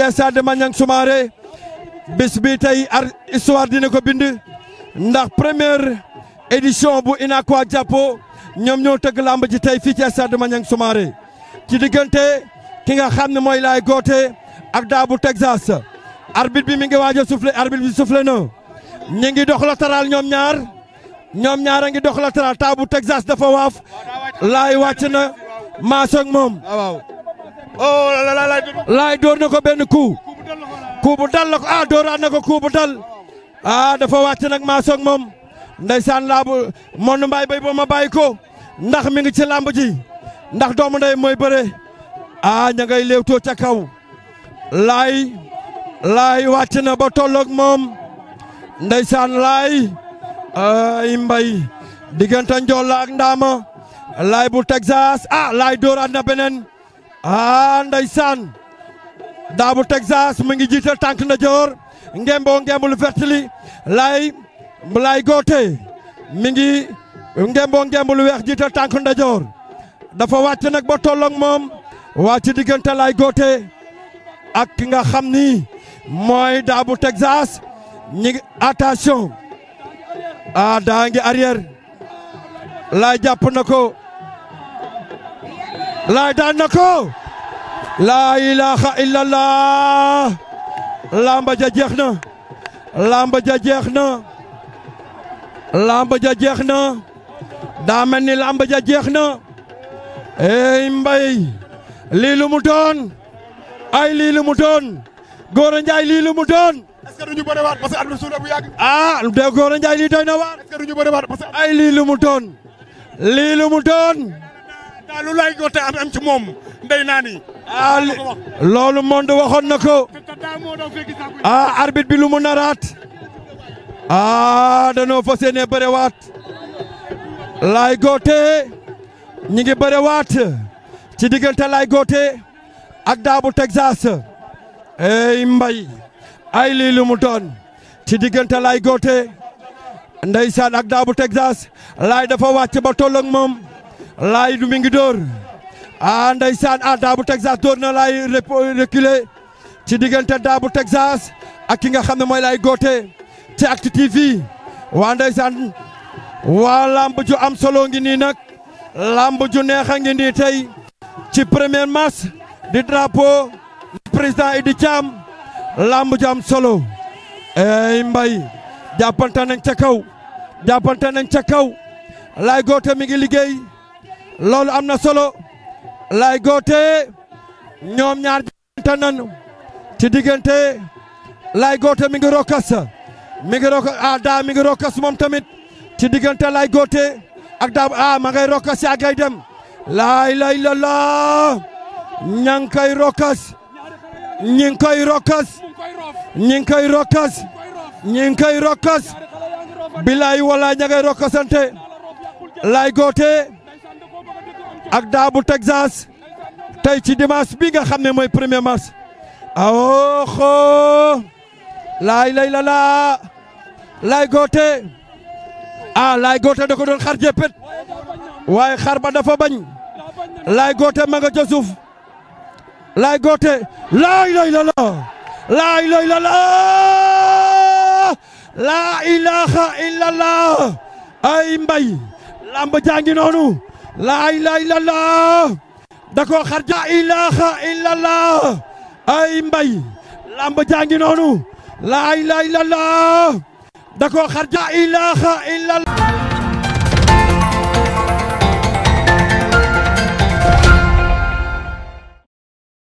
DG Sadio Maniang Soumaré bis bi tey ar histoire dina ko bind ndax première édition bu Inakwa Jàppo ñoom ñoo tëgg làmb ji tey fii ci Sadio Maniang Soumaré ci diggante ki nga xam ne mooy Laay Goote ak Daabu Texas arbitre bi mi ngi waaj a soufflé arbitre bi soufflé na ñi ngi dox latéral ñoom ñaar ñoom ñaara ngi dox latéral Daabu Texas dafa waaf laay wàcc na maasoog moom oh laay door ko benn coup coup bu dal ko ah dooraat na ko coup dal ah dafa wàcc nag maa soog moom ndeysaan laabu Mawne Mbaye bay ba ma bàyyi ko ndax mi ngi ci làmb ji ndax doomu ndey mooy bëre ah ña ngay léewtoo ca kaw laay laay wàcc na ba tolloog moom ndeysaan laay ay mbay diggante njool la ak ndaama laay bu Texas ah laay dooraat na beneen. ah ndeysaan Daabu Texas mi ngi jiital tànk ndajoor ngemboo ngembul vert li lay lay goote mi ngi ngemboo ngembul weex jiital tànk ndajoor dafa wàcc nag ba tolloog moom wàcc diggante lay goote ak ki nga xam ni mooy Daabu Texas ñi ngi attention ah daa ngi arrière lay jàpp na ko laay daan na ko laa ilaha illallah lamba ja jeex na lamba ja jeex na lamba ja jeex na daa mel ni lamba ja jeex na ey mbay lii lu mu doon ay lii mu doon Gora Ndiaye lii lu mu doon. est-ce que duñu bëriwaat parce que ah, at que ay lii lu mu doon lii mu doon. daal lu laay moom ndey naa ni. Ah, loolu monde waxoon na ko. ah arbitre bi lu mu naraat. ah danoo fas yéene bërewaat. laay gootee ñi ngi bërewaat ci diggante laay gootee ak daabu Texas. ey mbay ay lii lu doon ci diggante laay gootee ndeysaan ak daabu Texas laay dafa wàcc ba tolloog moom. laay du mi ngi dóor a ndeysaan a daabu Texas dóor na laay reculé ci diggante daabu Texas ak ki nga xam ne mooy laay góote ci Actu TV waa ndeysaan waa lamb ju am solo ngi nii nag lamb ju neex a ngi nii tey ci premier match di drapeau président Idi Thiam lamb ju am solo ey mbay jàppante nañ ca kaw jàppante nañ ca kaw laay goote mi ngi liggéey loolu am na solo lay goote ñoom ñaar jante nan ci diggante lay goote mi ngi rokas mi ngi rokas a ah, daa mi ngi rokas moom tamit ci diggante lay goote ak daa a ah, ma ngay rokas yaa ngay dem lay la laa ña ngi koy rokas ñi ngi koy rokas ñi ngi koy rokas ngi koy rokas bilaay walaay ña ngay rokasante lay goote ak Daabu Texas tey ci dimanche bi nga xam ne mooy premier mars awoxo laay lay la laa laay goote ah laay goote da ko doon xar jéppét waaye xar ba dafa bañ laay goote ma nga ca suuf laay goote laay lay la laa laay lay la laa laa ilaha ay mbay lamb jaa noonu laa ilaha illallah da koo xar ja ilaha ay mbay lamb jaangi noonu laa ilaha illallah da koo xar ja ilaha